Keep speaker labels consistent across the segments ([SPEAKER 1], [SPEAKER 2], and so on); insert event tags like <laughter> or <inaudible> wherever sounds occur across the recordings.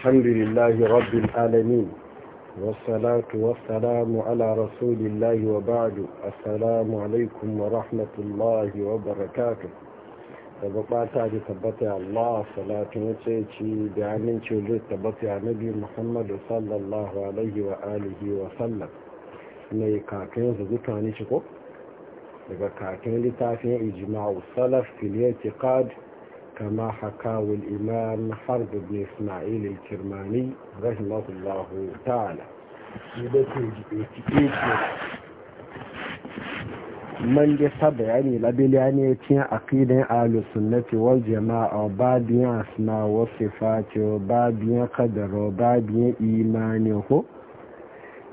[SPEAKER 1] الحمد لله رب العالمين والصلاة والسلام على رسول الله وبعد السلام عليكم ورحمة الله وبركاته tabbata da tabbata Allah salatu wace ce da aminci zai tabbata a nabi Muhammadu sallallahu alaihi wa alihi wa sallam mai kakin zuzuta ne shi ko daga kakin littafin ijma'u salaf كما حكاه الإمام حرب بن إسماعيل الكرماني رحمه الله تعالى man da saba yani labila ne cikin aqidan ahlus sunnati wal jama'a babiyan asma wa sifati babiyan qadar babiyan imani ko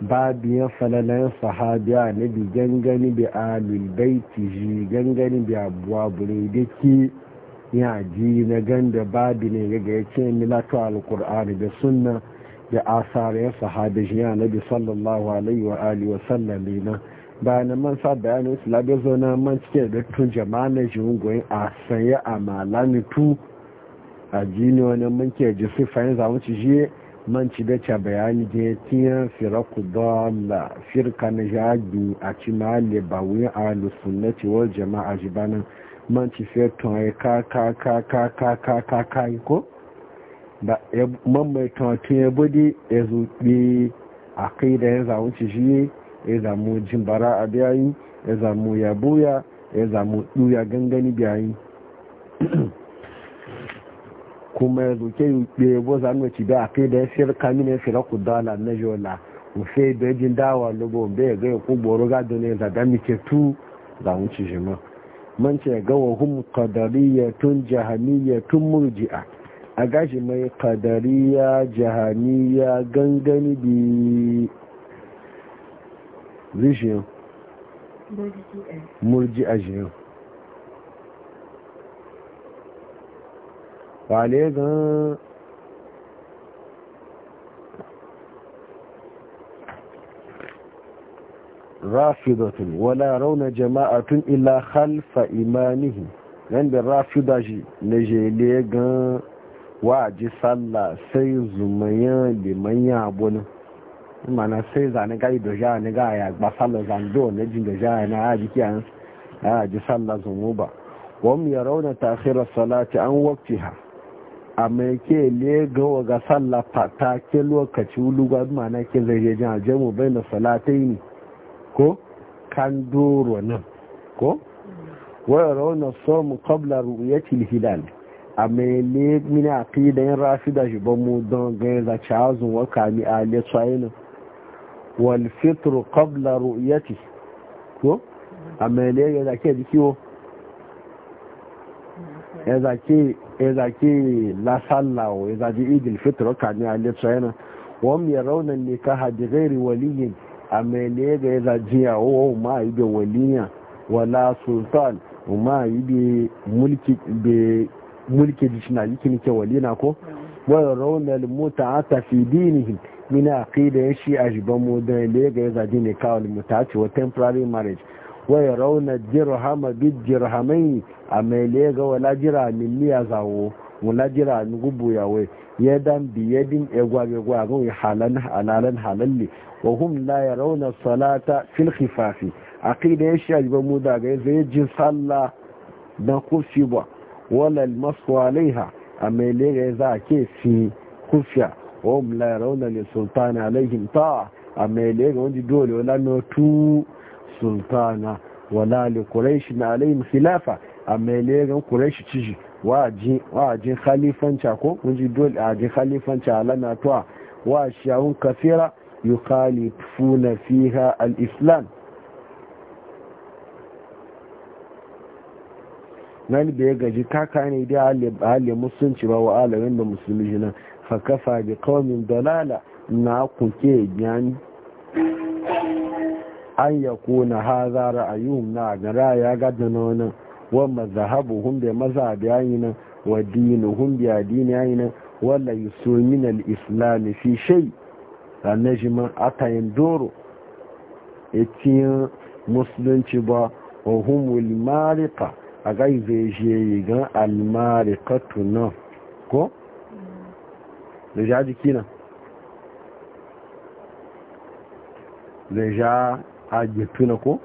[SPEAKER 1] babiyan falalan sahabiya nabi gangani bi ahlul baiti ji gangani bi abwa buridaki ya ji na ganda babu ne ga ya ce milatu alkur'ani da sunna da asarar sahabi shi ya nabi sallallahu alaihi wa alihi wa sallam na bayan man sa bayanin islam ya zo na man cike da tun jama'a na shi hungoyin a sanya a malami tu a ji ne wani man ke ji sifayin zamuci shi man ci dace bayani da ya tiya ku dola firka na jagi a cimali ba wuyan alusunnati wal jama'a banan man ci fiye tunai ka ka ka ka ka ka ka ka yi ko da man mai tunatun ya bude ya zuɓe a kai da ya zamu ci shi ya zamu jin bara a biyayi ya zamu ya buya ya zamu ɗuya gangani biyayi <clears throat> kuma ya zuke yuɓe ya bo zamu ci biya a kai da ya fiyar kamin ya fira ku dala na jola ufe bejin dawa lobo bai ga ya ku boro gadon ya zaga mike tu zamu ci shi ma man ce ga wahum jahaniya tun murji'a a gashi mai kadariya jahaniya gangani bi zishin murji'a jiyan wale rafidatun wala rauna jama'atun illa khalfa imanihi nan da rafida shi na jele gan wa'aji sallah sai zumayen limanyan abunan mana sai zane gari da ja ga ya gba sallah zando na jin da ja na ya ji kiyan ji sallah zumu ba wam ya rauna takhira salati an waqtiha a mai ke le ga ga sallah fata ke lokaci lugar mana ke je jan jamu bai na salatai ne ko kan doro nan ko waya rauna somu kabla ru'yatil hilal a mai ne mini rafi da shi ban mu don ga za chazun wa kami ali tsayina wal fitr qabla ru'yati ko a mai ne ga ke dikiwo ya zake ya zake la sallawo ya zaji idil fitr a ali tsayina wa hum ne ka hajji gairi waliyin a mai lega ya zajiya wa ma yi da waliya wala sultan ma yi da mulki da mulki jishina yikin ke walina ko wani raunar mota a tafi dinihim mina aqida ya shi a jiban mu lega ya zaji ne kawo limuta ce wa temporary marriage wani raunar jirhama bid jirhamai a mai lega wala jira min miya zawo wala jira min gubu yawai yadan biyadin egwagegwa gun halan halalan halalli wa hum la yarawna salata fil khifafi aqida ya shi ajiban mu daga zai ji sallah da kufi ba wala al masu alaiha amele ga za ke fi kufiya wa hum la yarawna li sultana alaihim ta a mai lega wani dole wala no tu sultana wala li quraish alaihim khilafa mai lega quraish ciji wajin khalifanca ko ji dole a jin khalifanca lana tuwa wa shawun kafira yi khalifuna fiha al-islam nan da ya gaji kaka ne da hali musulunci ba wa alamin da musulmi nan fakafa da kawamin dalala na kuke yani an yakuna haza ra'ayuhum na ga raya gadana wannan wa mazahabuhum bi mazhabiyina wa dinuhum bi adiniyina wala yusumin al-islam fi shay a atayin doro etin musulunci ba wa humul marika a gaibe shi gan almarikatu tuna ko? da ja jiki na da ja agitu na ko?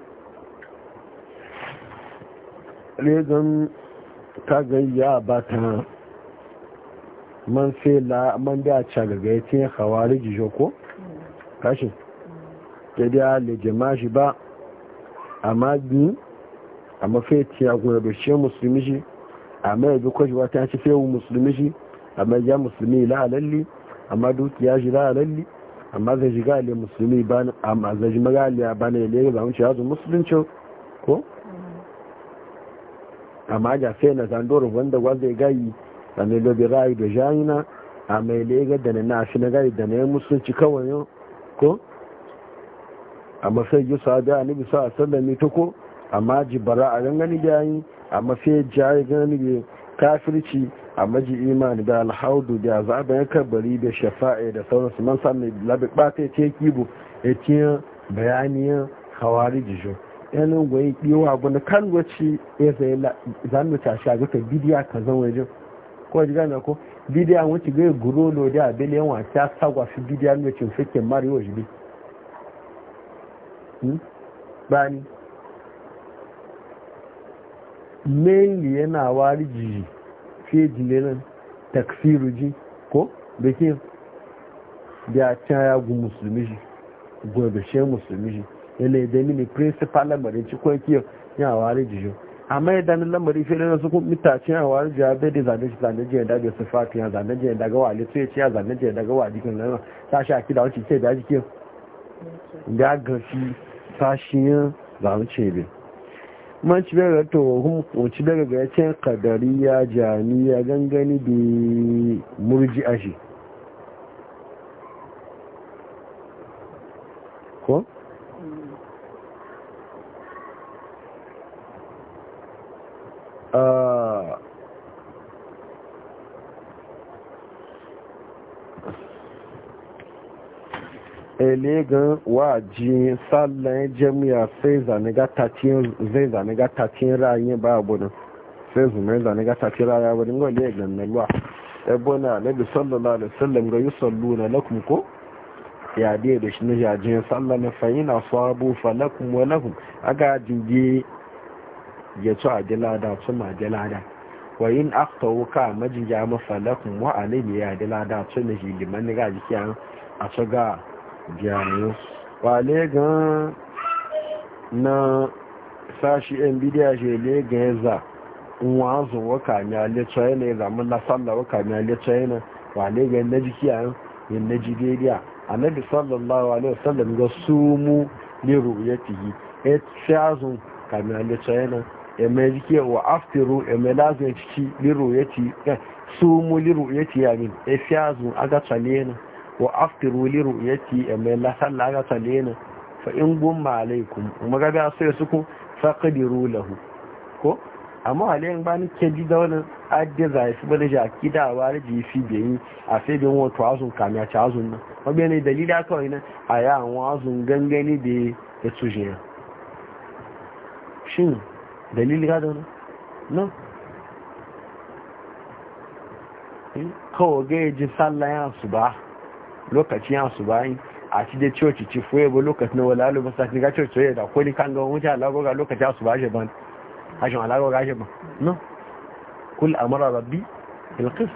[SPEAKER 1] legan kagayya ba ta man fela man da cagaga ya ce hawari jijo ko kashi ta da lejima shi ba a magi a mafaiti ya gura bashe musulmi shi a mai bi kwashi wata ci fewu musulmi shi a mai ya musulmi la'alalli amma dukiya shi la'alalli amma zai ga ale musulmi ba amma zai shiga ale ba ne ne ba mun ce yazo musulunci ko amma ga sai na zandoro wanda wanda ya gayi a mai lobe rayu da jayina a mai lega da na shi na gayi da na yi musulunci kawai yau ko amma sai yi sa da ni bisa a sallami ta ko amma ji bara a gangani jayi amma sai jayi gani bai kafirci amma ji imani da alhaudu da zaɓen ya kabari da shafa'i da sauransu man sami labi ɓata ya ce kibu ya ce bayaniyan hawari jisho yanin gwai biyowa na kan gwaci ya zai zanu ta sha ga bidiya ka zan wajen ko ji gane ko bidiya wuce ga guro lo da abele yan sagwa fi bidiya ne cin fike mario jibi hmm? bani mainly yana wari jiji fiye jilenan takfiru ji ko da da ta musulmi ji gwabashe musulmi ji ele da mini principal lamarin ci kwan kiyo ya da jiyo amma ya dani lamari fi na tinha a hora de abrir bai da zane shi zane jiya daga sifati zane jiya daga wali su ya zane jiya daga wali kan não ta shi aqui da wacce ce da jike ya gafi sashiyan zamu ce bi man ci daga to hun wuci daga ga yace kadariya jami'a gangani da murji'a shi ko Uh, elegan ji sallan jami'a sai zane ga tatin rayin ba abunan sai zume zane ga tatin raya wani ga elegan na luwa ebona nabi sallallahu alaihi wasallam ga yusallu na lakum ko ya dai shi na jajin na fahina sabu falakum wa lakum aga ya ci a dilada su ma da wa yin akta wuka majiya mafalakun wa a nabi ya dilada su na hiliman ga jikiya a ci ga jami'u wa gan na sashi yan bidiya shi le ya za nwa azun waka mi ale china ya zama na sallah waka mi ale china wa ga na jikiya yin na jibiriya annabi sallallahu alaihi wasallam ga sumu ne ru'yatihi et shazun kamar da china eme jike wa aftiru eme lazo ya ciki liru ya ci eh, su mu liru ya ci yamin e fiyazu aga tsale na wa aftiru liru ya ci eme lasalla aga tsale na fa in gumma alaikum magabi a so ya suku lahu ko amma halayen ba ni ke ji da wani adi zai su bane jaki da wari ji fi biyi a sai bin wato azun kamiya ci azun nan mabiya ne dalili aka wani a yawon azun gangani da ya tsujiya shin dalili ka zaune no eh, kawo ga ji sallah ya su eh, ba lokaci ya su ba yi a ci coci ci foye bo lokacin na wala alubu sa ga coci soye da koli kan ga alago alagoga lokaci ya su ba shi ban hashin alagoga shi ban no kul amara rabbi bilkis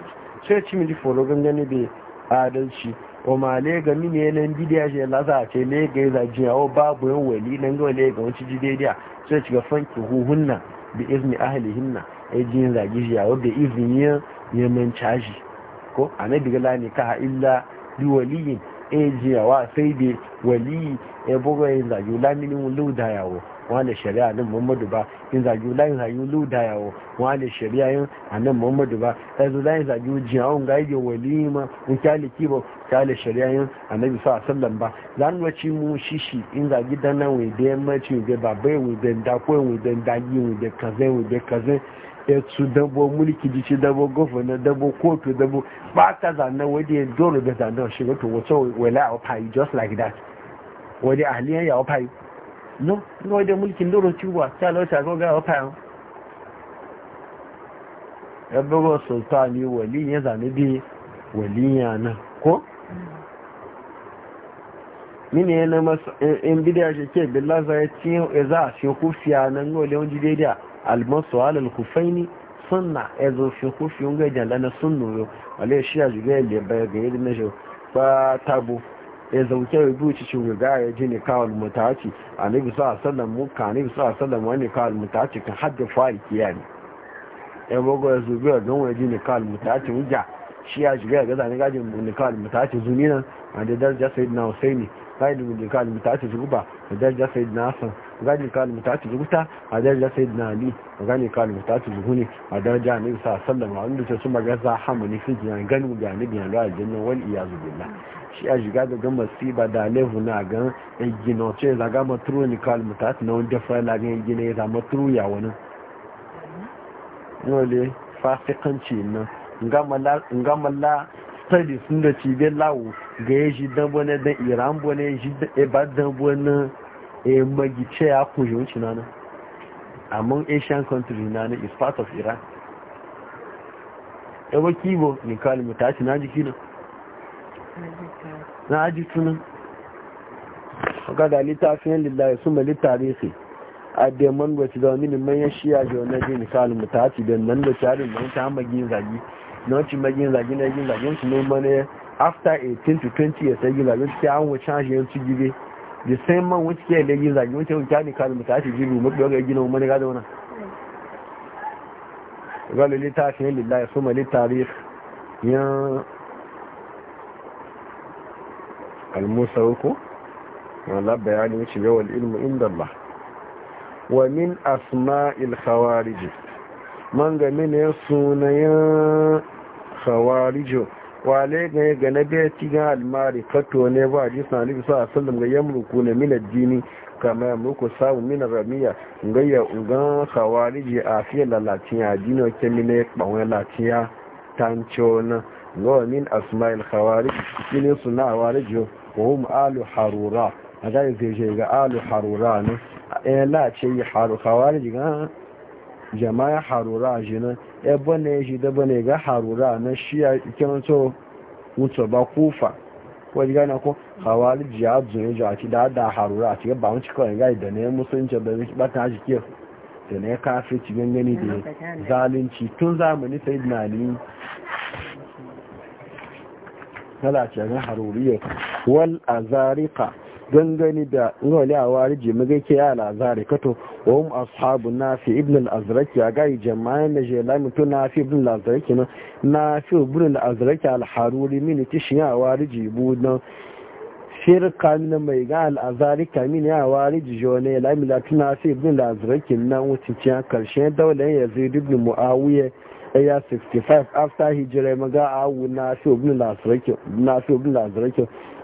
[SPEAKER 1] sai ci miji foro gangane bai adalci o ma ga mini ne nan bidiya je la ce le ga za o babu yan wali nan ga le ga wanci ji daidai sai ci ga fanki huhunna bi izni ahlihinna ai ji za ji ya o bi izni ya man caji ko anabi ga lani ka illa bi waliyin ejiyawa sai da wali ya buga yin zayu wulu luda yawo wani shari'a nan muhammadu ba yin zayu layin zayu luda yawo wani shari'a yin a nan muhammadu ba yanzu layin zayu jiyawun ga yake wali ma in kyale kibo kyale shari'a yin annabi sa sallan ba zan wace mu shishi in zagi dan nan wai da mace wai da babai wai da dakwai wai da dagi wai da kazai wai da kazai ya su dabo mulki jici dabo gwamna dabo kotu dabo ba ta zane wadda ya dole da zane shi wato wato wala a fayi just like that wadda ahaliyan ya fayi no no wadda mulkin dole ciwa ta lauta ko ga fayi ya bugo sultani wali ya zane bi wali ya na, ko mini yana masu in bidiyar shi ke billaza ya ci ya za a shekufiya nan yau leon yawan da almasu alal kufaini sunna ya zo fi kufi yunga gajan lana sunnu yau wale shi ya zuga ya bai ga yadda na shi ba tabo ya zauke ya buci shi ga ya ji ne kawal mutaci a nabi sa sallam mu ka nabi sa sallam wani kawal mutaci kan hadda fa'al ne ya bogo ya zuga ga wani ji ne kawal mutaci wuja shi ya shiga ga zane gajin ne kawal mutaci zunina a da daraja sayyidina husaini sai da ne kawal mutaci zuba da daraja sayyidina hassan gani kan mutatu zuguta a darajar sayyidina ali gani kan mutatu zuhuni a darajar annabi sallallahu alaihi wasallam wanda ta su magaza hamuni su jiyan ganu ga annabi ya a jannan wani iyazu billah shi a shiga daga masiba da lehu na gan gino ce zaga maturu ni kan mutatu na wanda fa la gan gine ya zama turu ya wani dole fasikanci nan ngamala studies sun da cibiyar lawo ga ya shi dan bane dan iran bane shi da ba dan e magice ya kuji wuce na nan among asian country na nan is part of iran yawa e, kibo ni kawai mu tashi na jiki nan na aji tunan ga da littafin lillahi su ma littarihi a deman wacce da wani ya shiya da wani jini kawai mu tashi da nan da tarin mun ta magin zagi na wacce magin zagi na yin zagin su ne mana after 18 to 20 years ya gina zagin su ta hanwa canji yanzu gibe da sai man wuce ke da yi zagi wuce wuce ne kalin mutu ake jiru mutu yau ga gina umar gada wana galu lita shi yin lillahi su ma lita rif yan almusa uku wala bayani wuce yawon ilmu inda Allah wa min asma'il khawarij man ga mene sunayen khawarijo kwale ga ya ga na biya cikin almari fato ne ba a jisa alibi sa a sallam ga yamruku na minar jini kama yamruku samun minar ramiya ngayya ungan hawari je a fiye da latiya jini wa kemi kpanwe latiya tancho na gawa min asma'il hawari jini suna hawari jo wa hum alu harura a ga zai je ga alu harura ne a ɗaya lace yi haru hawari ga jama'a harura a nan ebe ne shi daba ne ga harura na shiya kyanto wuto ba kufa wajen gane ko hawali ji ya zuwa ji a ci da da harura a ci ba wani cikin gai da ne musulunci da zai bata shi ke da ne kafi ci gangani da zalunci tun zamani sai na ali lalace ga haruriya wal azarika gangani da wari rije mu ke ya na azarika to wahum ashabu nafi ibn al-azraq ya gai jama'an da jela mutu nafi ibn al-azraq na nafi ibn al-azraq al-haruri min tishiya wariji budan firka min mai ga al-azari kamin ya wariji jone la milatu nafi ibn al-azraq nan wucin karshen daular yazid ibn muawiya ya 65 after hijira maga awu nafi ibn al-azraq nafi ibn al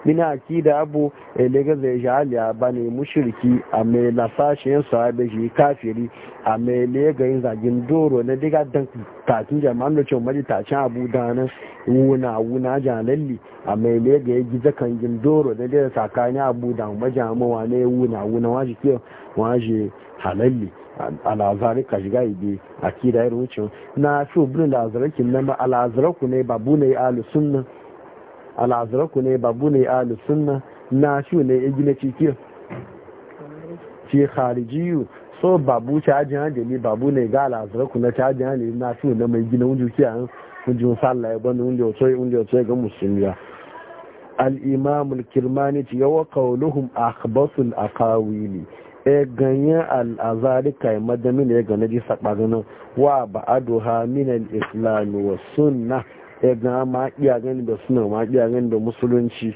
[SPEAKER 1] mina ki da abu elega zai ji aliya ba ne mushirki a mai lasashen sahabe shi kafiri a mai lega yin zagin doro na diga dan takin jama'an da cewa maji tacin abu da nan wuna wuna jalalli a mai lega ya gizo kan gin doro na diga tsakanin abu da majamawa ne wuna wuna waje kiyo waje halalli alazari ka shiga ibe a kida irin wucin na fi obin da azarakin nan ba alazaraku ne babu ne alusun nan al'azirarku ne babu ne ahalus sunna na shi ne ya gina cikin ce harijiyu so babu da ni, babu ne ga al'azirarku na cajin hanjali na shi ne mai gina wujuki a wujin sallah ya gbani wujin otoyi wujin otoyi ga musulmiya al'imamul kirmani ci yawa kauluhun akhbasul akawili e ganyen al'azari kai madami ne ga naji sakpazinan wa ba'adu ha minan islami wa sunna ya ga ma iya gani da suna ma iya gani da musulunci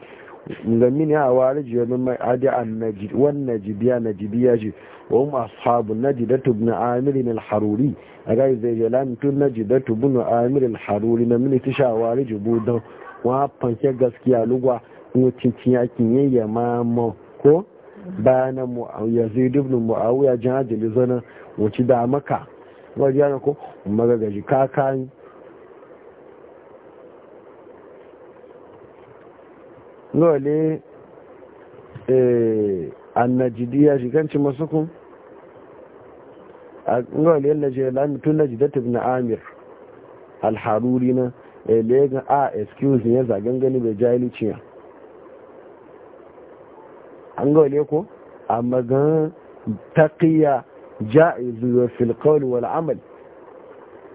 [SPEAKER 1] ga mini a wari jiya min mai adi an najid wan najibiya najibiya ji wa hum ashabu najidatu ibn amir al-haruri aga zai jalan tun najidatu ibn amir al-haruri na mini sha wari ji budan wa fanke gaskiya lugwa cincin yakin yayya ma ko a ya zai dubnu mu'awiya jihar zana wuce da maka wajen ko magagaji kakani lole eh, annajidiya shiganci masu kun lole najilan tun najidat na amir alharuri na lega eh, a ah, excuse ya zagen gani bai jahiliciya an gole ko a magan taqiya ja'izu fil qawl wal amal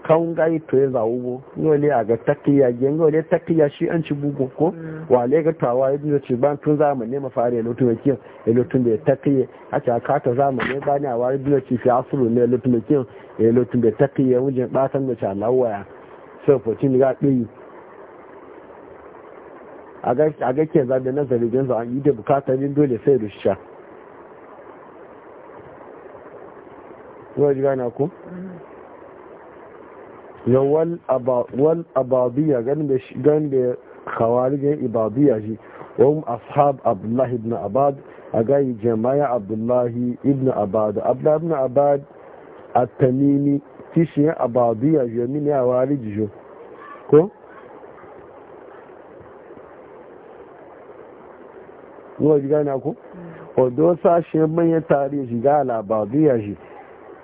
[SPEAKER 1] kawun gari to ya zawo bo yole a ga takiya gen ne takiya shi an ci bugu ko mm. wale ga tawa ya jiya ci ban tun zamane ma fare lotu ne kin ya lotu da takiya a ta ka ta ne ba ne a wari jiya ci fi asuru ne lotu ne kin e da takiya wajen batan da ta lawaya so fotin ga dai a ga a ga ke zabe nazari gen an yi da bukatar yin dole sai shi Yau ji gana ku? Mm. wal ababiya gan da khawarigin ibabiya ji wani ashab abdullahi ibn abad a gayi jama'a abdullahi ibn abad abdullahi ibn abad a tamimi kishiyar ababiya shi yamini a wari jijo ko? yau ji gane ku? Mm. odo sashen manyan tarihi shiga al'ababiya shi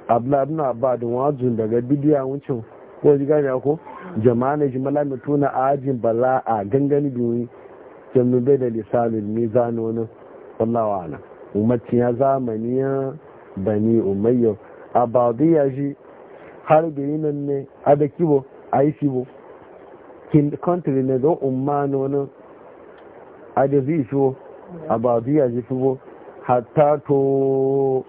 [SPEAKER 1] abdullahi ibn abad wajen daga bidiyar wucin ko ji gane ko jama'a ne ji mala mutuna a ajin bala a gangani duni jamin bai da lisanin ne nan wallawa ana umarci ya zamani ya bani umayyau a ya shi har da yi nan ne a da kibo a yi kibo country ne don umma wani a da zai shiwo a ya shi shiwo hatta to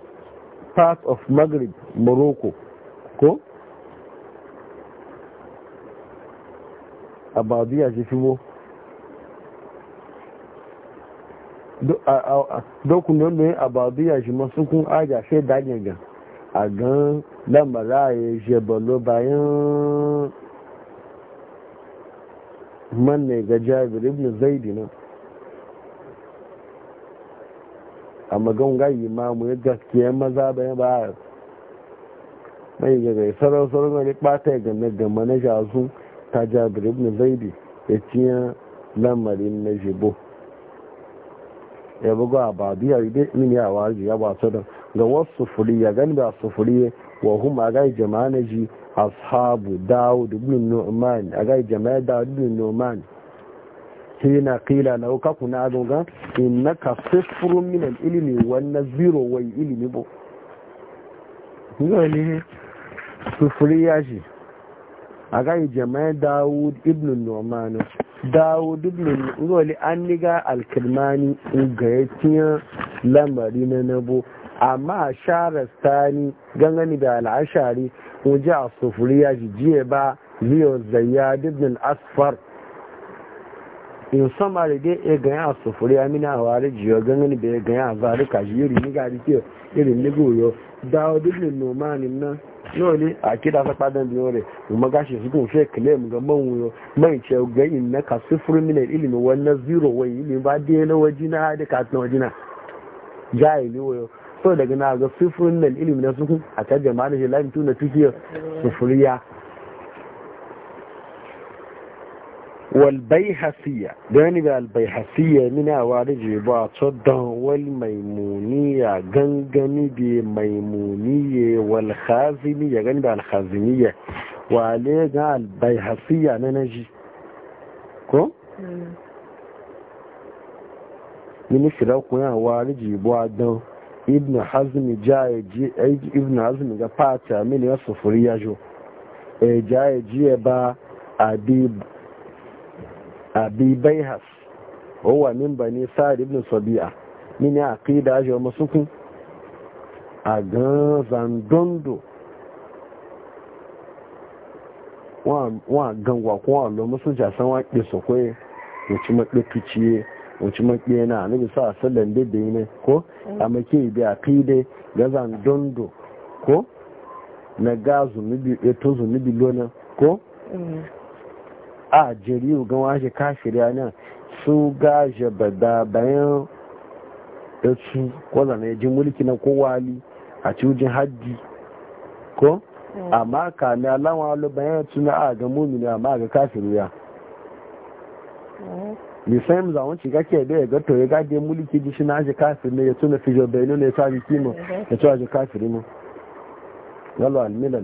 [SPEAKER 1] part of maghrib morocco àbàdíyà ṣe fi wó dokunan ne àbàdíyà ṣe masu kun aja ṣe dágẹ̀gà gan lámàrá ya ṣe bọ̀ ló bayan manne ga jabir ibn zaidi nan a magan gayi ma mu ya gaskiya maza bayan ba mai gaga sarar sarar ne ɓata ga na gama na jazu ta jabir ibn zaidi ya ciye lamarin na jibo ya buga a babiya dai min ya waje ya ba da ga wasu furi ya gani ba su furi wa hum jama'a na ji ashabu a jama'a حين قيل له كنا أدوغا إنك صفر من الإلم والنزير والإلم بو نقول صفر ياجي a gani jama'a dawud ibn nomano dawud ibn ngoli an niga alkirmani ga ya tiya lamari na nabo amma a sharastani gangani da al'ashari wajen a sufuriya jiye ba liyo zayyad ibn asfar in sama da dai ya e ganya a sufuriya mina a wari jiyo gangani da ya ganya a zarika shi iri niga da ke irin nigoyo dawud ibn nomano nan yau ne a kida sa kwadan biyu ne kuma gashi su kun ga manwuyo mai ce ga inna ka sifru min ilmi wannan zero wai ilmi ba da na wajina dé ka na náà jahili wayo so daga na ga sifru na su a tarjama da shi والبيهسية داني البيهسية من أوارج باطد والميمونية جنجني بميمونية والخازمية جانب بالخازمية وعليه البيهسية ننجي كو مم. من شراكو يا أوارج باطد ابن حزم جاي ابن حزم جا باتا من يصفر يجو جاي جيبا أبيب abi baihas huwa min bani sa'ad ibn sabi'a min ya aqida ajo masukun a gan zandondo wa gangwa kun wa lo musun ja san wa ke sokwe wuci makpe tuciye wuci makpe na nabi sa sallan da bai ne ko a make bi aqide ga zandondo ko na ga zunubi eto zunubi lona ko a jariyu gan washe kafiriya nan su gaje bada bayan da su kwaza na yajin mulki na kowali a cikin hajji ko mm. amma ka na lawan alo bayan na a ga mumini amma ga kafiriya mm. nisan za wanci kake da ya gato ya gade mulki ji shi na aji kafir ne ya tuna fijo bayanu ne ya sa jiki mu ya tuwa aji kafiri mu yalwa almilal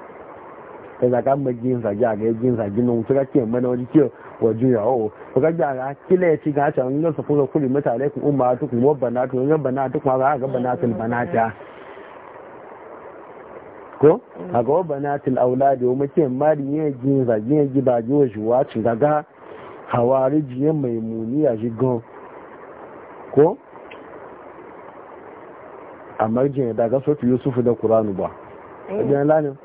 [SPEAKER 1] ka zaga ma jin zagi a ga jin zagi nan wuce kake mana wani kiyo wa juya o ko ga ga kila ya ci ga ta an yasa fuka kuli mata alaikum umma tu ku wabba na tu wabba na tu ma ga bana tul banata ko a ga wabba na tul auladi wa muke mari ne jin zagi ne gibaji wa juwa ci gaga hawariji ya maimuniya shi gan ko a jin da sautu yusufu da kuranu ba. Ajiyar mm. lanin.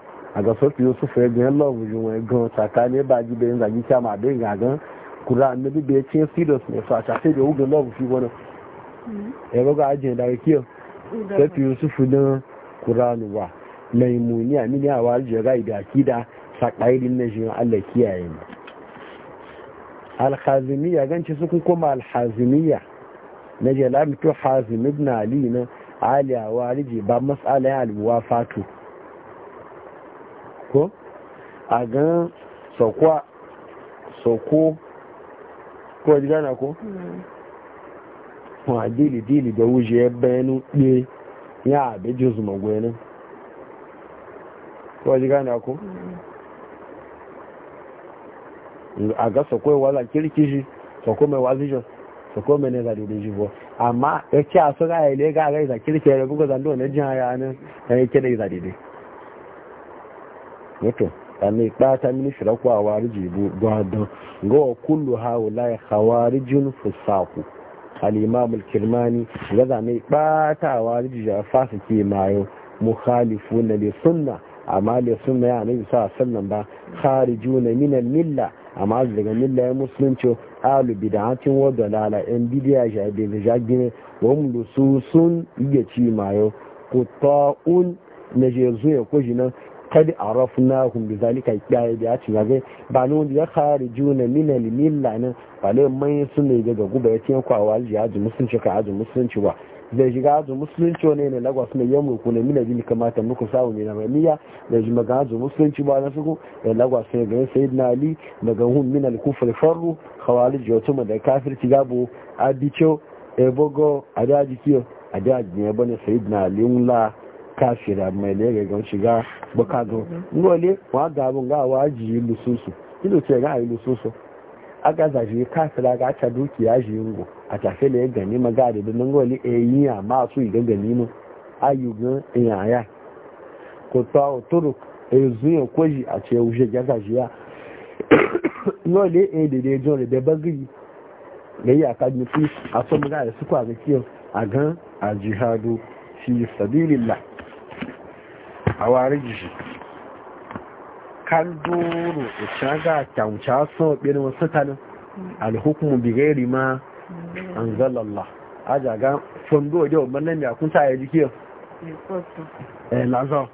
[SPEAKER 1] sotu yusuf ya gan love ju wọn gan tsakani ba ji bayan zagi kya ma a ga gan kura annabi bai ce serious ne so a shafe da ugun fi wani ya ga ga da kiyo sotu yusuf na kuranu ba mai muni a mini a da na Allah alhazimiya kuma alhazimiya ali ali ko a gan sakwa ko gana ko dili dili da wuje ya bayanu ɗe ya abejin su magwai ko ji gana ko a ga sako ya wala kirkishi sako mai wazijin sako mai ne zaɗi da jibo amma ya ce a ga ile ga ga isa kirki ya gugu jin haya nan ya yi kira isa wato ɗan ɓata mini shiraku a wariji gwadon gawa kullu hawa laye hawarijin fusaku al'imamul kirmani gaza mai ɓata a wariji ya fasa ke mayo mukhalifu na le sunna amma le sunna ya nabi sa sallan ba khariju na minal milla amma daga milla ya musulunci alu bid'atin wa dalala yan bidiya ja be ja gine wa mulususun iya mayo ko jinan kad arafnahum bi zalika kiyaye da ya ci ga ba nun ya kharijuna min al milla nan ba le mai sunne daga guba ya tiyan kwa ya jihadu musulunci ka ajin musulunci ba zai shiga ajin musulunci ne ne lagos ne yamu ku ne mina bin kamata muku samu ne na maliya da ji maga ajin musulunci ba na suku da lagos ne ga sayyidina ali daga hun min al kufr farru khawarij yotuma da kafirci gabo abicho ebogo adaji kiyo adaji ne bane sayyidina ali la kafira mai ya ga shiga baka ngole wa gabun ga waji lususu kilo ce ga ayi lususu aka zafi kafira ga ta dukiya ji ngo a tafe ne gani maga da ngole e yi ma su idan gani mu ayu ga eh, ya ko ta turu e eh, zuye koji a ce uje <coughs> ga ya ngole e de de jore de bagi yayi aka nufi a so maga ga su kwa ga kiyo a gan a jihadu fi sabilillah hawariji shi kan doro shaga kyamca sau ɓirin wasu tanin alhukumu bigairi ma an zalalla a jaga fondo da wabban nan ya kunta ya jiki yau eh lazo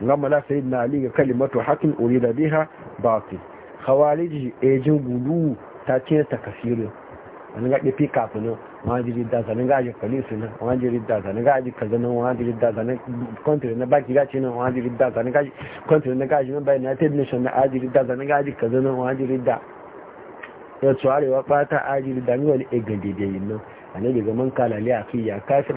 [SPEAKER 1] gama la na ali ga kalimatu hakin ori da biha batin hawariji ejin gudu ta ce ta kafirin wani gaɗe fi ne. wọ́n ti rí dáadáa na gáàjì pọ̀lísì náà wọ́n ti rí dáadáa ní gáàjì kàzẹ́ náà wọ́n ti rí dáadáa na kọ́ntìrì ní báàkì gáàjì náà wọ́n ti rí dáadáa ní gáàjì kọ́ntìrì ní gáàjì mẹ́bàá united nations náà ti rí dáadáa ní gáàjì kàzẹ́ náà wọ́n ti rí dá yàtọ̀ arewa pátá aji nan a ne daga man kalali náà annabi ga man kala ba a kafir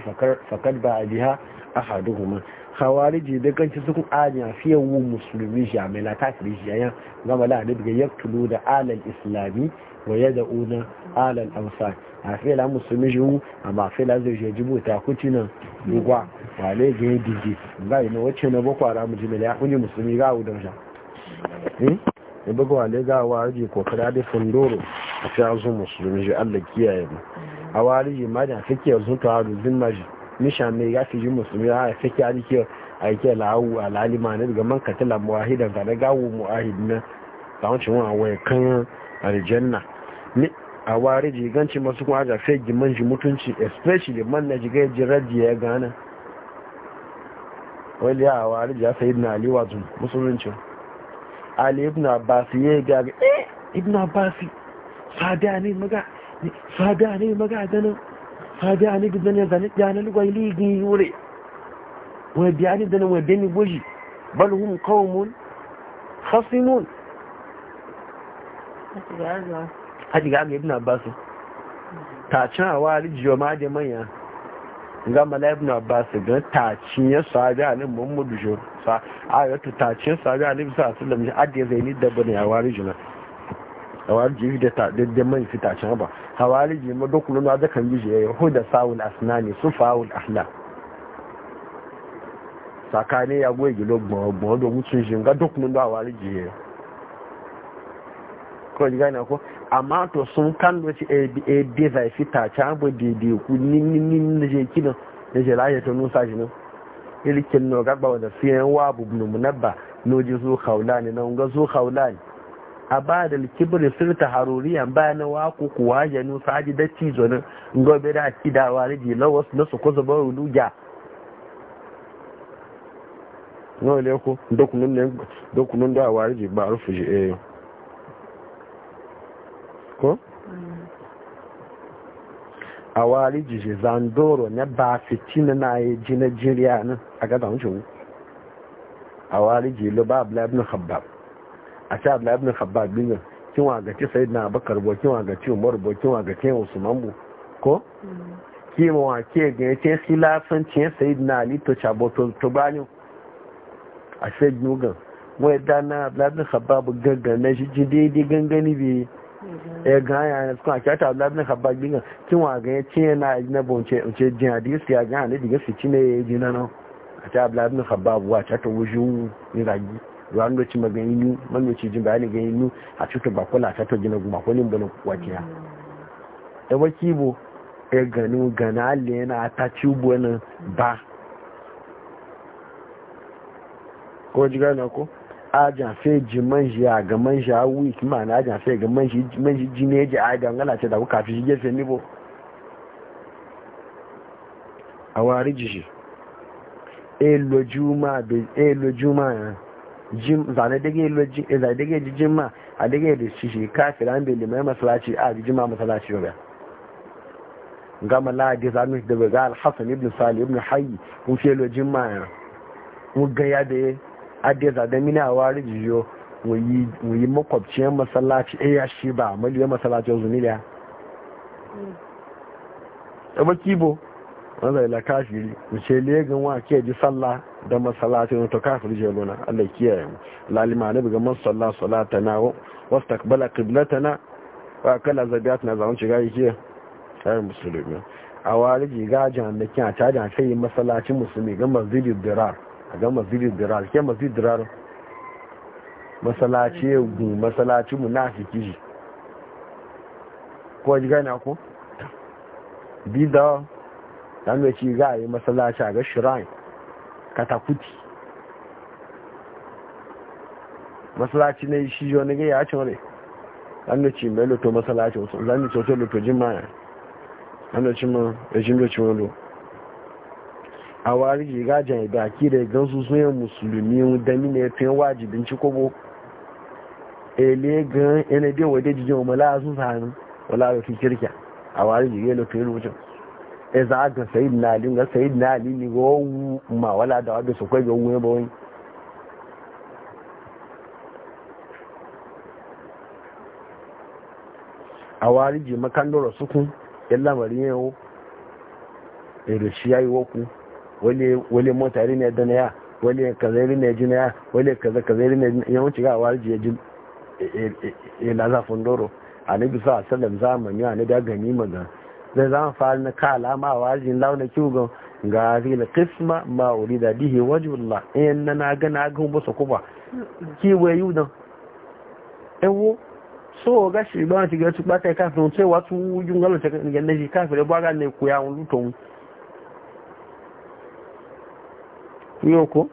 [SPEAKER 1] a ba biha ahaduhuma khawariji da kanci su kun a fiye wu musulmi jamila kafiri jiyan gama da annabi ga yaktulu da alal islami wa da una, alal amsa, a fela musulmi jihu amma fela zai je jibo ta kuci nan gugwa ba ne ga yi digi ga yi na wacce na boko haram jimila ya kunji musulmi ga a wudan sha ne bugu wale ga wari ko kada da fundoro a fi azu musulmi ji allah kiyaye mu a wari ji ma da fike yanzu ta haru zin ma maji nisha mai ya fi ji musulmi ya fike a jike a yake la'awu a lalima ne daga man katila muwahidan ga na gawo muwahid na ta wancin wani wani kan aljanna a wari jiganci masu kuma aja fai giman mutunci especially man na jiga ya gane wani ya a wari jiya sai ibn ali wato musulunci ali ibn abbas ya yi ga eh ibn abbas sada ne maga sada ne maga sada ne zane lugwai yure wani biya ne da wani khasimun Thank you haji ga ibn abbas ta cin awa rijiyo ma da manya ga mala ibn abbas ga ta cin ya sahabi alim muhammadu jo sa wata ta cin sahabi alim sa sallam ya adiye zaini da bane awa rijiyo hawariji da taɗaɗɗen man fitacen ba hawariji ma duk nuna da kan yi ya yahu da sawul asnani su fawul ahla tsakanin ya goyi gilo gbọ̀ngbọ̀n domin sun shi ga duk nuna hawariji ya kawai ji gane ko amma to sun kan doci eh, eh, a bi zai fi ta ci abu daidai ku ninnin da je kina da je lafiya ta nusa shi ne. ilikin no gaba wanda siyan wa ba mu na bubnu munabba noji su haulani nan ga su haulani a ba da likibir sirta haruriyan ba na waku kuwa ya nusa haji da cizonin gobe da kidawa da jilawas na su kusa baro luja nawa ne ku dokunan da a wari ba rufe shi eh ko a wari jije zandoro ne ba fitina na yi ji na jiriya nan a gada wucin a wari jilo ba abu labin habab a ce abu labin habab biyu kin wa gaci sai na bakar bo kin wa gaci umar bo kin wa gaci usman bo ko Kin wa ke ga ce san ce sai na ali to chabo to to bani a sai nugan mu da na abu labin habab gaggana shi ji daidai gangani bi. ya gaya na suka kyata abu labin habba gbinga kin wa ga yace na ajina bonce ce jin hadisi ya ga ne diga fici ne ya jina no a ta abu labin habba wa ta to wuju ni ragi ruwan doci magani nu man doci jin ni gani ni a to ba cuta bakola ta to gina guma kolin bana wakiya da waki bo ya gani gana alle yana ta cibo nan ba ko ji na ko ajan fe ji manji a ga manji a week ma na ajan fe ga manji manji ji ne ji a ga ngana ce da kuka fi shi gefe ni bo a wari ji shi e lo juma be e lo juma ya jim zane dege lo ji e zane dege ji jima a dege da shi shi kafiran be limai masalaci a ji jima masallaci ba gama ladi zanu da ga al-hasan ibn salih ibn hayy kun fe lo jima ya mu ga ya da adiyar zaɗa mini a wari jiyo mu yi makwabciyar masallaci ɗaya eh, shi ba maliyar masallaci yanzu ne da ya hmm. ba kibo wanda ila kafiri mu ce legan wa ke ji sallah da masallaci to kafir je luna Allah kiyaye mu lalima ne ga man sallah salatana wa wastaqbala qiblatana wa kala zabiatna zaman shiga yake sai musulmi a wari jiga gajan da kin ta tajin sai masallacin musulmi ga mazidi dirar a ga masjidin dirar ke masjidin dirar masalaci gun masalaci munafiki shi ko ji gani ko bida dan da ci za a yi masalaci a ga shirin katakuti masalaci ne shi yi ne ga ya ci wani dan da ci mai loto masalaci wasu dan da ci wasu loto jimma dan da ci ma rejim da ci wani loto a wari shiga jan baki da gansu sun yi musulmi da mine fiye wajibin ci kobo ele gan de wode wade jijin umala sun sanu wala ga fi kirkiya a wari shiga da fiye lokacin e za ga sayid na ali ga sayid na ali ne ga ma wala da wabe su kwaiga wuye ba wani a wari ji makandoro sukun yalla mariyawo ere shi ya woku wale mota irin da dana ya wale kaza irin ya jina ya wale kaza kaza irin ya jina yawanci ga warji ya jin e, e, e, ya laza fundoro a na bisa a salam zamani a na da gani maza zai zama fara na kala ma a warjin launa kiwo ga na kisma ma wuri da dihe wula in na na gana agun basu kuma kiwo yi wudan ewu so ga shi ba ta ga su ba ta kafin sai wasu yungalar ta ganin shi kafin ba ga ne koya wani yau ko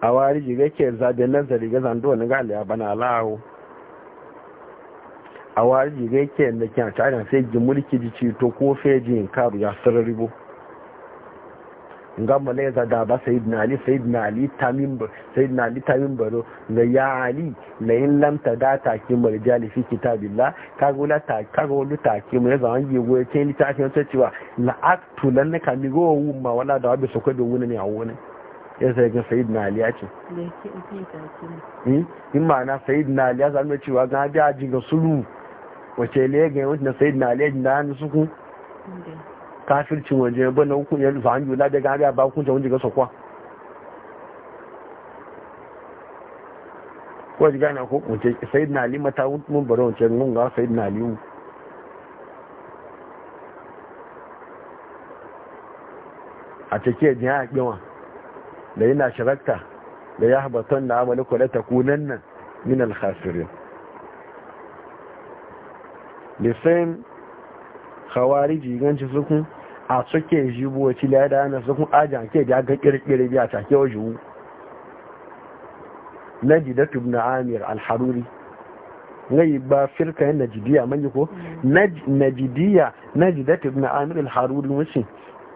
[SPEAKER 1] a wari jiga ke zaɓe nazari ga zando wani gali a bana lawo a wari jiga ke da kyan sai ji mulki ji ceto ko fejin karu ya sarari ne malaiza da ba sayyidina ali sayyidina ali tamim sayyidina ali tamim baro la ya ali la in lam ta ki marjali fi kitabillah kago la ta kago lu ta ki mu yaza an yi goye ce ni ta ce cewa la aktu lan ka mi go wu ma wala da wabi su ko da wuni ne a wuni ya sai ga sayyidina ali ya ce hmm? in ma na sayyidina ali ya zama cewa ga bi aji sulu wace le ga wanda sayyidina ali ya na suku kafircin waje ya na hukun ya rufa hanyoyi da ariya ba hukunta wajen gasa kwa kuwa ji gane ko wace sai na lima ta hukun bari wace nun ga sai na limu a cike jiya a kiwa da yana shirarta da ya habaton na amali kula ta kunan nan min the same khawariji ganci sukun a suke jibo ci la da na su kun ajan ke da ga kirkire biya ta ke waju najidat ibn amir al-haruri ngai ba firka yan najidiya manji ko mm. najidiya najidat ibn amir al-haruri wuce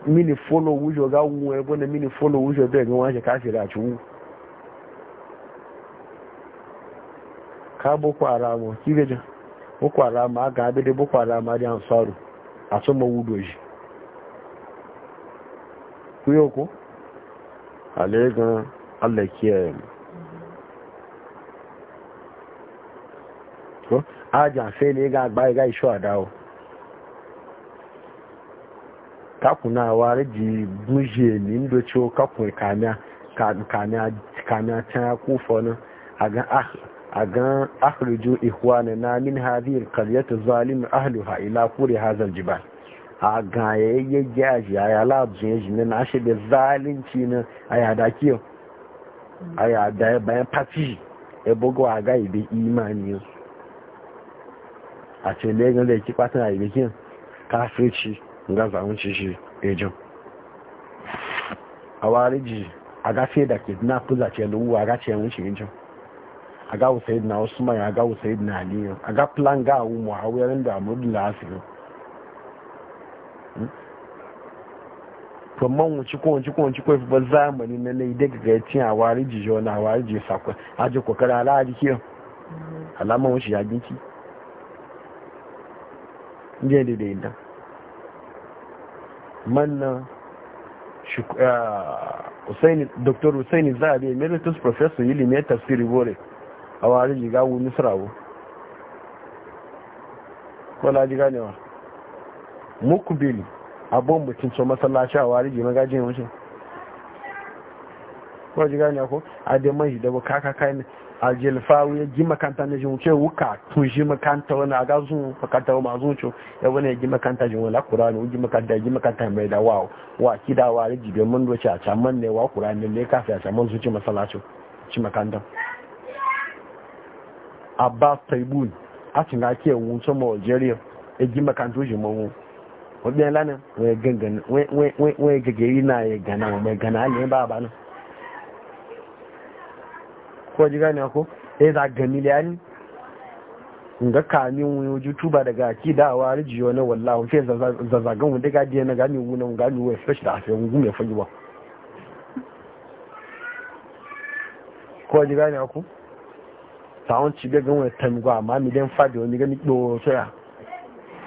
[SPEAKER 1] mini follow wujo ga wuwa ko na mini follow wujo da ga wani kafira ci wu ka boko aramo kige boko arama ga abide boko arama da ansaru a sun mawudoji ku yau ku alegan allah ko ga agba ga iso adawo kakuna wari ji buje ni ndo cho kakun kamia kamia kamia tan ku agan ah agan akhruju ihwana na min hadhihi alqaryati zalim ahluha ila quri hadha jiba. a ga ya gyaji a yala zuwa shi na ashe da zalunci na a yada kiyo a yada bayan fati ya bugu a ga ibe imani a ce legan da ya ki fatan a ibe kiyan kafirci ga zamunci shi ejin a wariji a ga fiye da kidnap zace luwu a ga ce wuce ejin a ga usaid na usman a ga usaid na aliyu a ga plan ga awu muhawiyar da amurdu lasirin kwamman wuci ko wuci ba zamani na lai daga ga cin a wari ji jona a wari ji sakon a ji kokari ala a wasu alama wuce ya ginki ne da da inda manna dr hussein zabi emeritus professor ilimin tafsiri bore a wari ji gawo misrawo ko la ji ganewa mukubili abun bukin so masallaci a wari jima gajin ne wuce ko ji gani ko a da mai da kaka kai ne a jelfa wuya ji makanta na jin wuce wuka tun shi makanta wani a gazu makanta ma zuciyo ya wani ya ji makanta jin wala ne ji makanta ji makanta mai da wa wa kida wa ri jibe mun doce a caman ne wa kura ne kafi a can man zuci masallaci ci makanta abbas taibun a cin ake wunce ma algeria ya ji makanto jin mawun wajen lanin wai gagari na ya gana wa mai gana ne ba ba nan ko ji gani ko ya za gani da ni ga kamin wani tuba daga ki da wa rijiyo na wallahu sai zazzagan wanda ga diya na gani wunan gani wa especially a sai gume fagi ba ko ji gani ko ta wani cibe gan wani tamgwa amma mi den fadi wani gani ɗo soya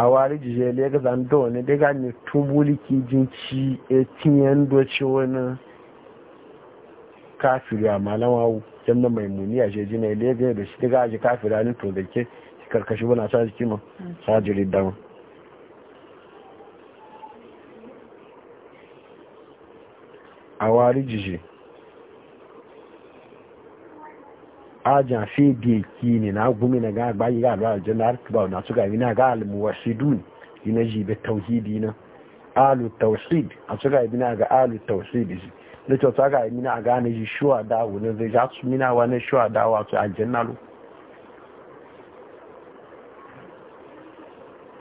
[SPEAKER 1] a wari jijele ga zanta wani daga ne ki jinci e do doce wani kafiri a malamawu jamna mai muni a jeji na lega da shi daga aji kafiri a nito da ke karkashi wani sa jiki ma sa jiri dama a wari jije ajan fi ki ne na gumi na ga bayi ga alwa aljanna har ba na su ga al ga almuwashidun ina be tauhidi na alu tauhid a su ga ina ga alu tauhid da to ta ga ina ga ne ji shuwa da wani zai ja su mina wani shuwa da wato aljanna lo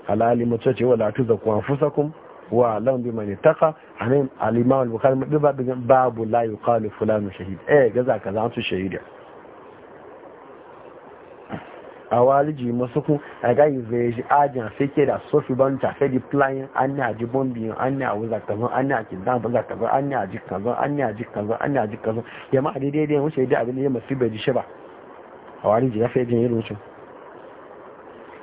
[SPEAKER 1] halali mace ce wala tu zaku anfusakum wa lam bi man taqa anan al al-bukhari babu la yuqalu fulan shahid eh gaza kaza su shahida a waliji masu ku a ga yi zai ajin sai ke da sofi ban ta sai di plan an ne a ji bombi an ne a wuza kazo an ne a kintan ba za kazo an ne a ji kazo an ne a ji kazo an ne a ji kazo ya ma daidai da wuce da abin da ya masu bai ji shi ba a waliji ya fi jin irin wucin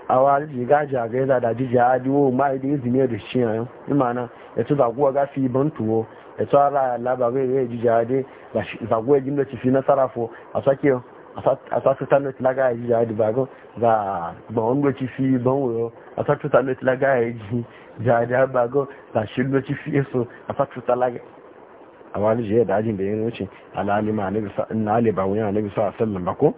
[SPEAKER 1] a waliji ga jagai za da jijiya adiwo ma idan izini da shi yayin imana ya ci zaguwa gafi ban tuwo ya ci ara labarai ya ji jade zaguwa jimla ci fi nasara fo a sake a sa tuta na tilaga ya ji ya di bago ga gbawon goci fi ban wuyo a sa tuta na tilaga ya ji ya di ya bago ga shi goci fi eso a sa tuta laga a wani jiya da ajin da yin wuce alalima na aliba wani anabi sa sallan bako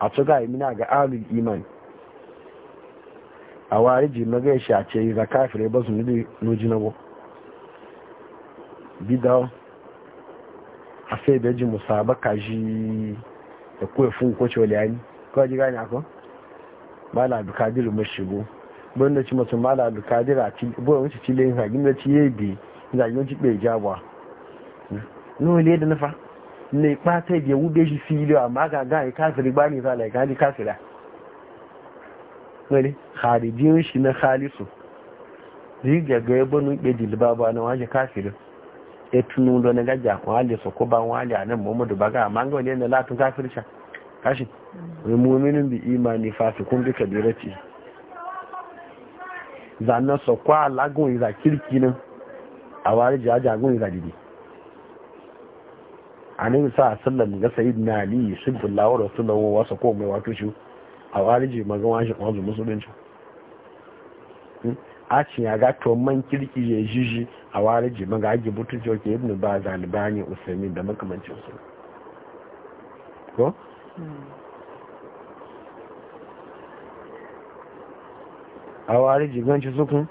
[SPEAKER 1] a tsuga imina ga alul iman a wariji magai shace za kafirai ba su nudi nujinabo bidawo a sai da ji musabaka shi da kuwa fun ko cewaliyani kawai ji gani akwai mala abdulkadir mai shigo bin da ci mutum mala abdulkadir a ci bai wuce ci lehen hagin da ci yayi bi zagin ci bai jabuwa nuhu ne da nufa ne yi biya wube shi fili amma ga gani kafiri ba ne zala gani kafira wani harijin shi na khalisu zai gaggaya banu ɗaya dilba ba na wajen kafirin ya tunu da na gaja wale su ko ba wale a muhammadu baga amma ga wale na latin kafirca kashi mm. wani muminin bi imani fasi kun bi kabira ce zannan kwa alagun iza kirki nan awari wari jaja gun iza didi a nan sa sallam ga sayid na ali sun bullawar wasu lawan wasu ko mai wato shi awari wari je magan washe kwanzu musulunci a ya ga to man kirki ya jiji a wari jima ga agi butu joke ibn ba zalibani usaimin da makamancin su ko a wari jiganci sukun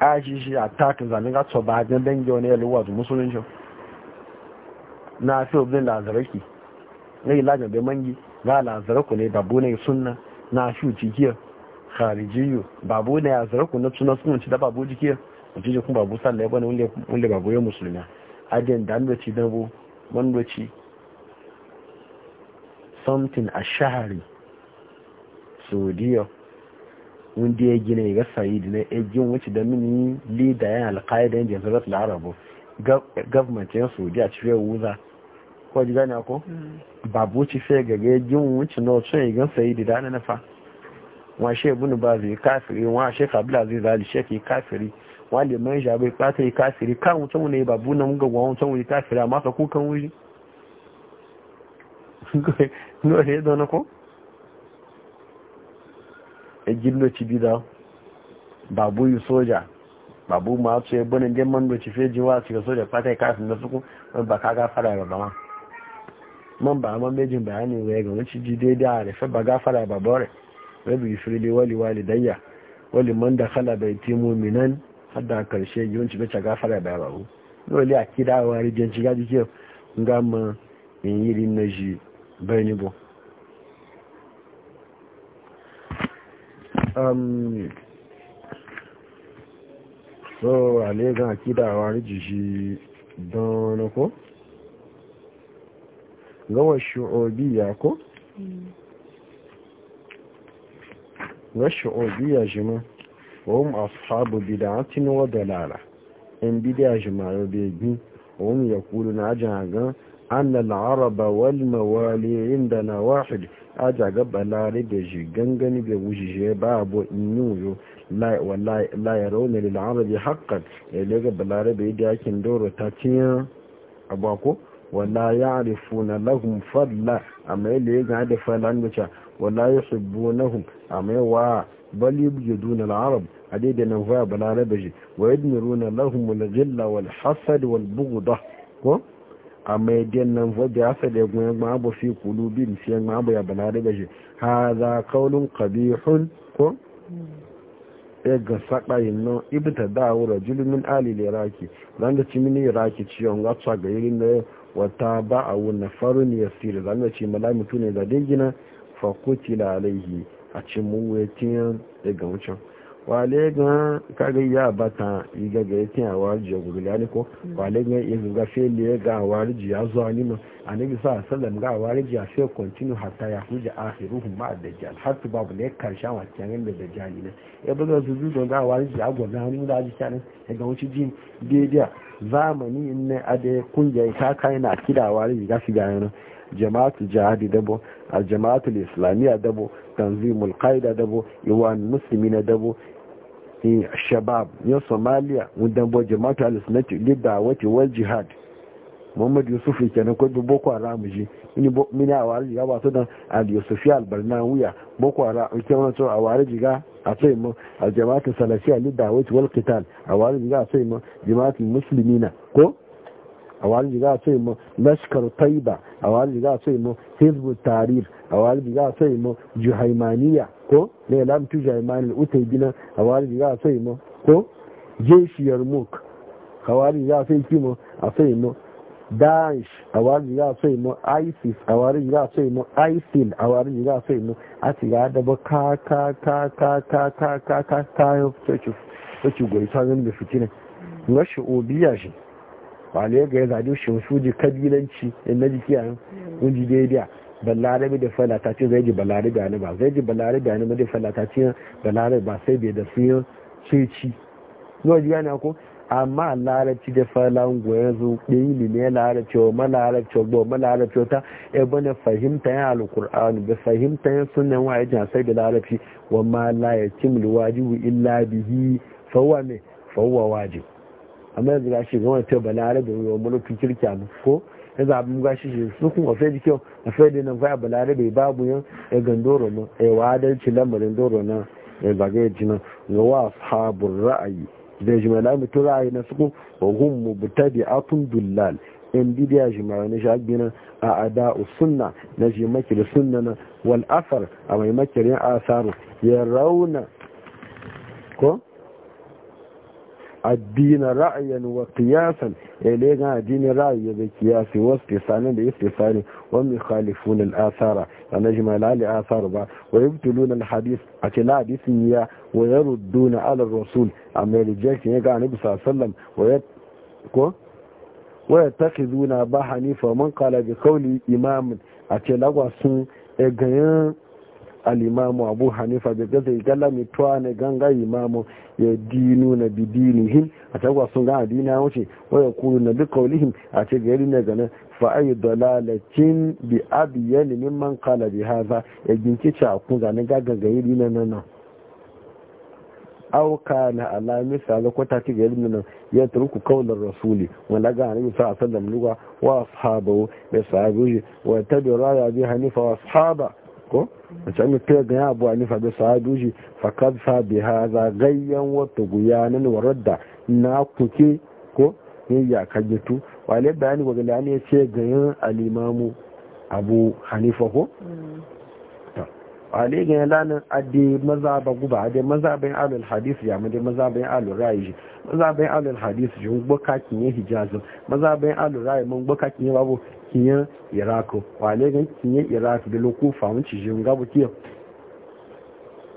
[SPEAKER 1] a jiji a tatin zanen ga to ba gan dangi wani yaluwa su musulunci na fi obin lazaraki na ilajin bai mangi ga lazaraku ne babu ne sunna na fi cikiyar kharijiyu babu ne ya zara na suna sun ci da babu jike a je kuma babu sa bane wanda wanda babu ya musulmi adin da an ci dabo wanda ci something a shahari saudiya wanda ya gina ya sayid na ejin wuce da mini leader ya da ya jazarat larabu arabu government ya saudiya ci ya wuza kwa ji gane ko mm. babu ci fiye gaga ejin wuce na so ya gan sayid da na nafa wa she ibn baz yi kafiri wa sheikh abdulaziz ali sheikh yi kafiri wa liman jabe pata yi kafiri kan mutum ne babu nan ga wa mutum yi kafiri amma ka kukan wuri no ne babu yi soja babu ma su yi bunin man doci fe jiwa su yi soja fata yi kafin da suku Wani baka gafara ya ba man ba man bejin bayani wai ga wani ci ji daidai a rufe ba gafara ya ba rabi ifirili wali wali walidayya wali man da bai baiti mu'minan hada karshe yawanci bace gafara da babu dole a kida wa rijin shiga jike ngama in yiri na ji bayani bo um so ale ga kida wa rijin shi don ko gawa shu'obiya ko mm. nashi'o biya jima wahun ashabu bidatin wa dalala in bidya jima ya bai bi wahun ya kulu na aji hagan an da la'araba walma wale inda na wahid aji hagan balari da shi gangani da wujije ba abu inu yo la'ayyaro ne da la'arabi haƙƙar ya lega balari bai da yakin doro ta tiya abu ako wala ya arifu na lagun fadla amma ya lega da falangacha wala yuhibbunahum amma wa bal yubghiduna al-arab adida nan na balarabe wa yadmiruna lahum al-ghilla wal hasad wal bughdah ko amma yadin nan fa bi hasad ya gwan ma abu fi qulubin fi ma abu ya balarabe hadha qawlun qabihun ko e ga saɗa yin nan ibita da wura jirgin alil iraki zan da mini ciyon gatsa ga irin wata ba a wuna farin ya siri zan da malamitu ne da dingina fakotila alaihi a cin wetin daga wucin wale gan kaga ya bata iga ga yakin awarji ya gudu gani ko mm. wale gan ya zuga fele ga awarji ya zuwa nima a nabi sa sallam ga awarji ya fiye kontinu hatta ya huja akhiruhu ma dajjal har tu babu ne karshen wakilan da dajjali ne ya buga zuzu don ga awarji ya gwada hannu da aji kyanin ya ga wuce jin daidai zamani in ne a da kungiya ta kai na kida awarji ga shiga yana jama'atul jihadi dabo al jama'atul islamiyya dabo tanzimul qaida dabo iwan muslimina dabo shabab ni somalia dabo jama'atul al-sunnati da'wati wal jihad muhammad yusuf kenan ko boko haram ji ni mini awari ya ba to dan al yusufi al barnawiya boko haram ke wannan to awari jiga a sai mu al jama'atu salafiyya li da'wati wal qital awari jiga a sai mu jama'atul muslimina ko a wani za a ce mu lashkar taiba a wani za a ce mu hezbo tarir a wani za a ce mu juhaimaniya ko ne lamtu juhaimani utaibina a wani za a ce mu ko jeshiyar muk a wani za a ce kimo a ce mu daesh a za a ce mu isis a wani za a ce mu isil a wani za a ce mu a ti ga daba ka ka ka ka ka ka ka ka ka ka ka ka ka ka ka ka ka ka wale ga ya zaɗi shi ji kabilanci in na jiki yan kunji daidai balarabe da falata ce zai ji balarabe a ba zai ji balarabe a ba da falata ce balarabe ba sai bai da su yin ceci yau ji gane ko amma larabci da falan goya zo ɗili ne larabci wa ma larabci wa ma larabci ta e bane fahimta yin alkur'ani da fahimta yin sunan waye jan sai da larabci wa ma la yakimul wajibu illa bihi fawwa me fawwa wajibu amma yanzu ga shi gama ta balarabe wa mulkin kirki a ko ya zaɓi mu gashi shi su kuma fai da kyau a da nan balare balarabe babu yan ya eh, gandoro mu ya eh, adalci lamarin doro na eh, ya zagaye jinan ga wa sabon ra'ayi da jimala mutu ra'ayi na suku mu hum mubtadi atun dullal in shi mara na shagbina a ada usunna na jimakir sunna na wal asar a 'yan asaru ya rauna ko addini ra'ayin wa kiyasan ele eh, ga addini ra'ayi da qiyasi wa istisani da istisani wa mi khalifun al athara wa najma al athar ba wa yubtilun al hadith a ce la hadisi ya wa yarudduna ala rasul amma reject ya ga annabi sallallahu alaihi ko wa yattakhiduna ba hanifa man qala bi qawli imam a ce lagwa sun eh, ganyen al'imamu abu hanifa da gaza igala mai tuwa na ganga imamu ya dinu na bidinihim a tagwa sun ga adina wuce waya kuru na duka kaulihim a ce gari na gana fa'ayi dalalacin bi nemi mimman kala bi haza ya ginki cakun zanen gagagayi na nan auka na alami sale ta tiga yadda nan ya turku kaular rasuli wanda ga annabi sallallahu alaihi wasallam wa ashabahu da sahabi wa tabi raya bi hanifa wa ashaba ko wacan ta ga ya abu anifa da sahaduji fakad sa bi haza gayyan wata guyanin da na kuke ko ne ya kajitu da yani wajen da ya ce gayan alimamu abu hanifa ko hmm. wale ga ya lanin adi maza ba guba adi bai alul hadis ya mu mazabin alul rayi mazabin alul hadis jin gbakakin ya hijazin bai alul rayu mun gbakakin ya babu kiyan iraq wale ga kiyan iraq da lokufa wuce shi ga bu kiyan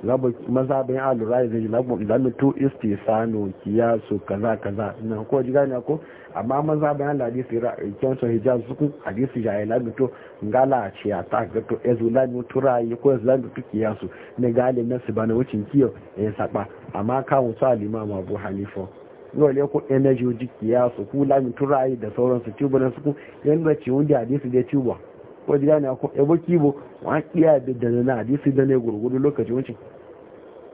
[SPEAKER 1] labar mazabin alurai da labar lamitu istisano kiyasu kaza kaza nan ko ji gani ko amma mazabin aladisi kyan sun hijab suku hadisi jaye lamitu ngala a ta gato ezu lamitu rayi ko ezu lamitu kiyasu ne gali nasu bane wucin kiyo ya e saba amma kawun su alimama abu hanifo yau ne ko energy jikiya su ku lami turai da sauransu tubu na suku yan da ciwon da hadisi da tubu ko jira ne ko ebo kibo wa kiya da da na hadisi da ne gurgudu lokaci wuce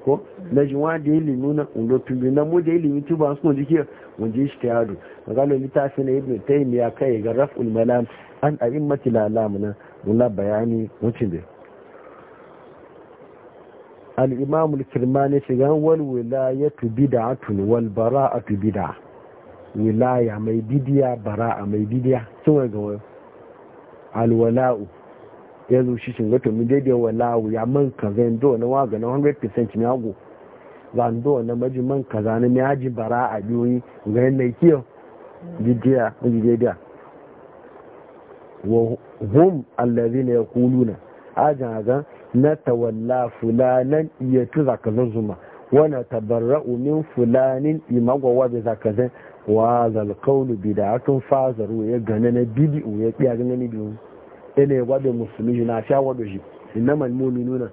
[SPEAKER 1] ko na ji wanda ya limu na ulo tubu na mu da yi limi tuba su ji ki mun ji shi tayadu ta litafi na ibnu taymiya kai ga raf'ul malam an a'immatil alamuna mun bayani wuce da al'imamul kirmani shiga wal wilayatu bid'atun wal bara'atu bid'a wilaya mai bidiya bara'a mai bidiya sun ga wani alwala'u ya zo shi shiga to mu daidai wala'u ya man kaza do na waga na 100% mi hago zando na maji man kaza na mi haji bara'a biyoyi ga yanayi kiyo bidiya bidiya wa hum allazina yaquluna ajan azan na tawalla fulanan iya ci zakazan zuma wani tabarra min fulanin imagwawa bai zakazan wa da bida'atun fazaru ya gane na bidi'u ya kiya gane ni biyu ina ya gwada musulmi na sha wado shi innamal mu'minuna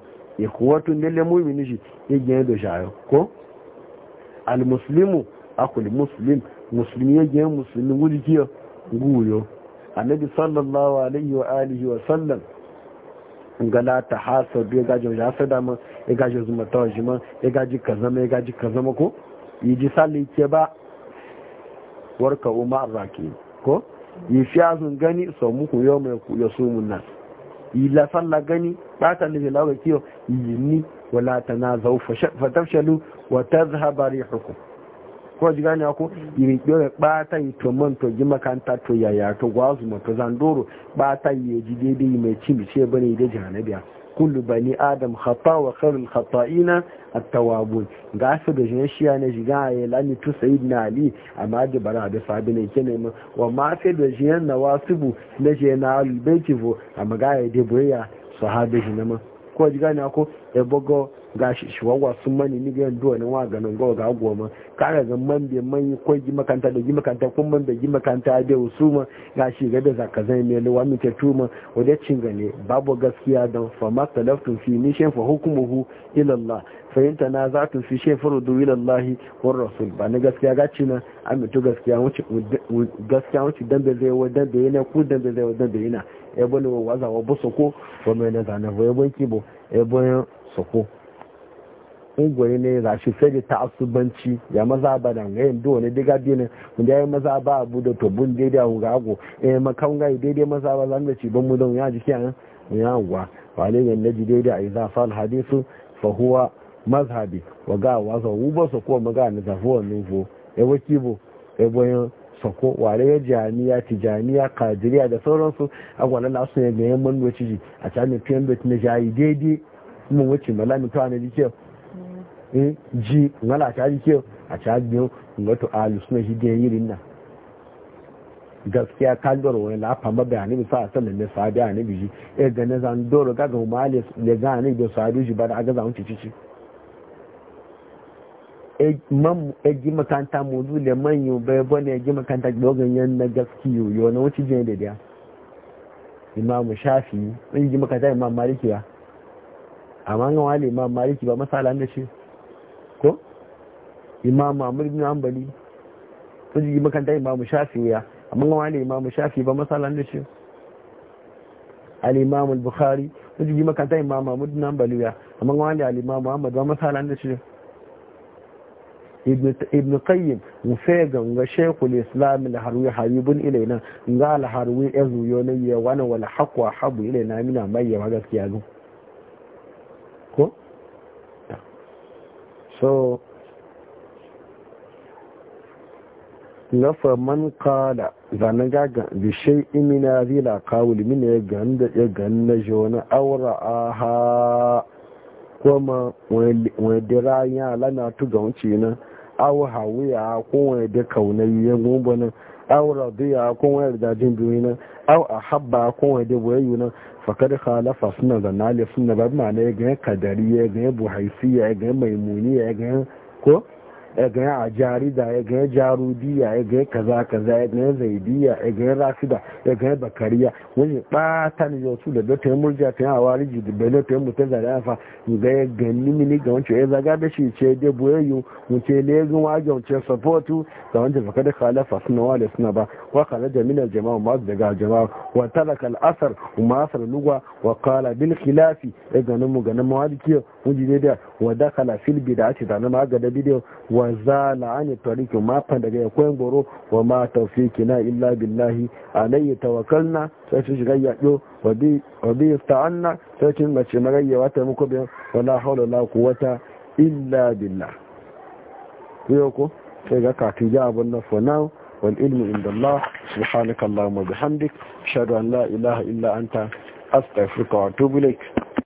[SPEAKER 1] tun lil mumi shi ya gane da shayo ko al muslimu akul muslim musulmi ya gane musulmi gudu kiyo guyo annabi sallallahu alaihi wa alihi wa sallam ngala ta hasa biyu e gaji wajen hasa dama ya e gaji zuma ta wajen ma ya e gaji ka zama ya gaji ka zama ko yi ji sali ke ba warka umar raki ko yi fi azun gani sau muku yau mai ya su mun nan yi la salla gani bata lihi lawa kiyo yi ni wala ta na zau fatafshalu wa ta zahaba rihukum ko ji gane ko iri dole bata yi to man to ji makanta to yaya to gwazu ma to zandoro bata yi ji daidai mai ci bice bane da janabiya kullu bani adam khata wa khairul khata'ina at-tawabun ga su da jin shiya ne jiga ya lani to sayyidina ali amma da bara da sabi ne ke wa ma sai da jin nawasibu na jina al-baitivo amma ga ya de boya sahabi ne ma ko ji gane ko e bogo gashi shi wawa sun mani ni ga yanzu wani wa ganin gawa ga goma kare ga man bai man ko gi makanta da gi makanta kun man da gi makanta da usuma gashi ga da zaka zai mai wani mi tuma wanda cin gane babu gaskiya dan fa masalaftu fi ni shin fa hukumuhu ila Allah fa za tanazatu fi shay fardu ila Allah war rasul ba ni gaskiya ga cina amintu gaskiya wuce gaskiya wuce dan da zai wadan da yana ku dan da zai wadan da yana ebo ne wa za wa busoko wa mai na zanabu ebo kibo ebo soko ungoyi ne za shi sai da ta'assubanci ya maza ba dan yayin do ne diga binin wanda ya maza ba abu da to bun daidai hu ga go eh makan ga daidai maza ba zan ci ban mu don ya jiki an ya gwa wale ne naji daidai a idza fal hadithu fa huwa mazhabi wa ga wa so u ba so ko maga ne za fo nufo e wakibo e boyan sako ware ya jami'a tijaniya kajiriya da sauransu a na nasu ya ga yamman waciji a cani tuyan bet na jayi daidai mun wuce malami to ana jike ji ngala a caji ke a caji biyu ngato alu suna shi gaya yi nan gaskiya kan wani lafa mabaya ne sa san da sahabi a ne biji e ga na zan doro ga ga mali le ga ne da sabi ji ba da aga zan cici e ji makanta mudu da manyan bai bane e gi makanta dogon yan na gaskiyo yo na wuce da dia imam shafi in ji makanta imam malikiya amma ga wani imam maliki ba masala da shi ko imam amur ibn hanbali sun ji makanta imam shafi ya amma gawa ne imam shafi ba masalan da shi al-imam al-bukhari sun ji makanta imam amur ibn hanbali ya amma gawa ne al-imam muhammad ba masalan da shi ibn qayyim mufe ganga shekul islam al-harwi Habibun ilaina ga al-harwi ya zuyo ne ya wani wal haqwa habu ilaina mina mai gaskiya gan so nafa man kala zanen gagan bishai imina zila kawul mini ya ganda ya ganna wani aura aha kuma wadda ranya lana tuga wuce na awa hawuya ko wadda kaunayi ya gumbanin aw radiya ko wani ridajin biyu nan aw ahabba ko wani da boyayyu nan fakad khalafa sunna zanna ali sunna ba ma ne ga kadariya ga buhaisiya ga maimuniya ga ko ya gaya a jarida ya gaya jarudiya ya gaya kaza kaza ya gaya zaidiya ya gaya rafida ya gaya bakariya wani bata ne yau su da da ta yi murja ta yi awari ji da bai ta yi mutum da da fa ni ga ya gani mini ga wancan ya zaga da shi ce da buye yi wuce ne ya gan wajen wuce sapotu ga wancan faka da khalafa suna wale suna ba wa kala da jama'a ma su daga jama'a wa talaka al'asar kuma asar lugwa wa kala bil khilafi ya ganin mu ganin mawadikiyar wuji daidai wa dakala fil bid'ati da nan ga da bidiyo wa zala an tariki ma fan daga koyan goro wa ma kina illa billahi alayhi tawakkalna sai shi shiga yaɗo wa bi wa bi ta'anna sai mace ta muku bi wala hawla la sai ga abun na for now wal ilmu inda subhanakallahumma bihamdik illa anta astaghfiruka